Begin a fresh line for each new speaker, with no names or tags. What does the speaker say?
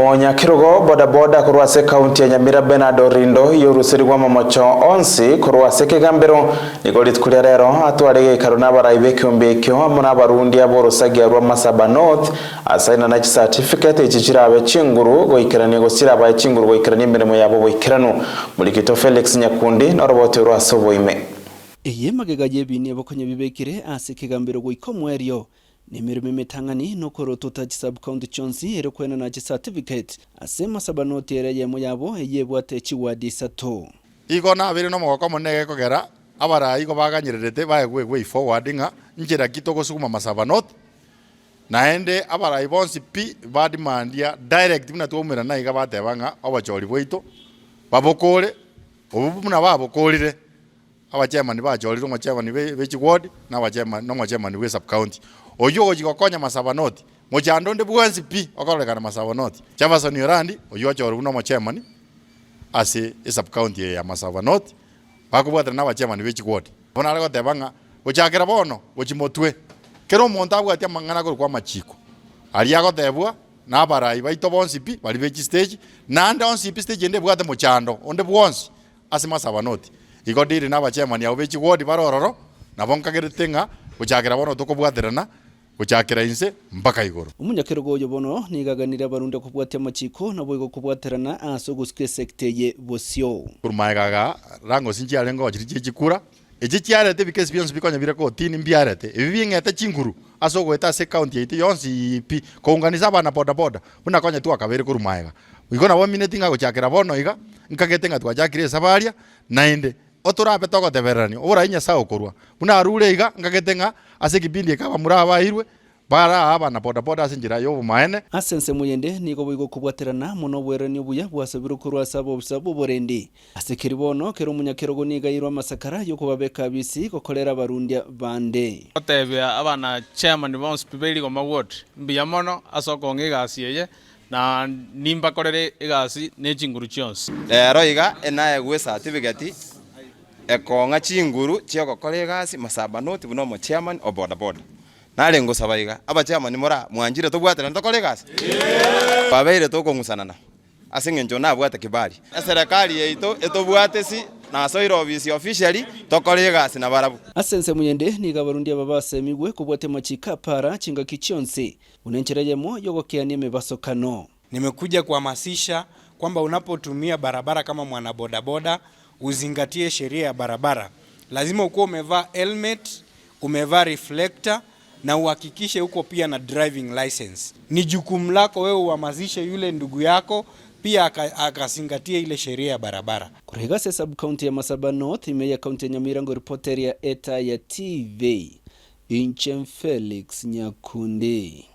mwonya kirogo bodaboda korwase kaunti ya nyamira benado rindo yorusiri gwa mamocho onsi korwase kigambiro nigo ritukuria rero atware gikaro n'abarai b'ekiumbi ekio amo n'abarundi aborusagia rwa masaba north asaina na certificate ichi chirabe chinguru goikerania gosirabae chinguru goikerania emirimo yabo boikerano murikito felix nyakundi norobotio rwase oboime
eye magega yebinie bokonye bibekire ase ekigambiro goika omwerio nimirimo imitang'ani nokora ototaki sub county chonsi eriokwena na chicertificate ase masabanoti ere yemo yabo eyebwate echiwadi isato
igo nabere na omogoko omonene kogera abarai igo baganyererete baegwa way forward ng'a nchera ki togosuguma masabanoti naende abarai bonsi pi badimandia direct buna twaumera na iga bateba ng'a obachori bwaito babokore obu buna awa chairman ba jori abachemani chairman omachemani bechi ward na chairman no chairman we sub county oyo oji konya masaba ogikokonya masabanoti mochando ndi bwensi pi okorekana masabanoti Jefferson Yorandi oyo achore uno chairman ase sub county ya masaba masabanoti bakubwatana na chairman bechi ward bona arego tebanga gochakera bono gochimotwe kero monta bwa omonto abwatia amang'ana korwa amachiko aria agotebwa na abarai baito bonsi pi bali bechi stage naende onsi pi stage ende ebwate chando onde bwonsi ase masaba masabanoti igo ndiri na bachemani au bechi wodi barororo na bonkagirite ng'a gochakera bono tokobwaterana gochakera inse mpaka igoro
omonyakerogo goyo bono nigaganire abarunde kobwatia amachiko nabo igo kobwaterana ase ogosika esecta eye bosio
korumaegaga rango sinji arengo sinchiare ngochiri chiechikura echi te bikesi bionsi bikonya bira ko bire mbiare te ebi bing'ete chinguru ase ogoeta se county ite yonsi ipi bana boda boda buna konya tu akabere korumaega igona nabo minete ng'a gochakera bono iga nkagete ng'a twachakire esabaria naende otorape togotebererania ora inya okorwa buna rure iga ngagetenga ase kipindi eka bamurabairwe bara aba na boda boda ase njira ya obomaene
ase nse moyende nigo boiga okobwaterana mono obwerani obuya bwasabire okorwa sabo sabo boborende ase keri bono kero omonyakerogo nigairwe amasakara yokobabeka abisi gokorera barundi bande
otebia abana chairman bonsi pibeli goma magot mbuya mono ase okong'a egasi eye na nimbakorere egasi na echinguru chionsi
rero iga enaye gwe certificate ekong'a chinguru chiogokora egasi noti buna omo chairman obodaboda nare ngusaba iga abachairman mora mwanjire tobwaterana tokora egasi babeire tokong'usanana ase eng'encho nabwate kibali eserekari yaito etobwatesi nasoire obisi officially tokora egasi na barabu
ase nse muyende niga abarundi aba basemiwe kobwate machika para chingaki chionse unenchereyemo yogokeania emibasokano
nimekuja kuhamasisha kwamba unapotumia barabara kama mwanabodaboda uzingatie sheria ya barabara. Lazima ukuwa umevaa helmet, umevaa reflector na uhakikishe uko pia na driving license. Ni jukumu lako wewe uhamasishe yule ndugu yako pia akazingatie ile sheria ya barabara.
Kurega sub county ya Masaba North ime ya county ya Nyamirango, reporter ya ETA ya TV Inchen Felix Nyakundi.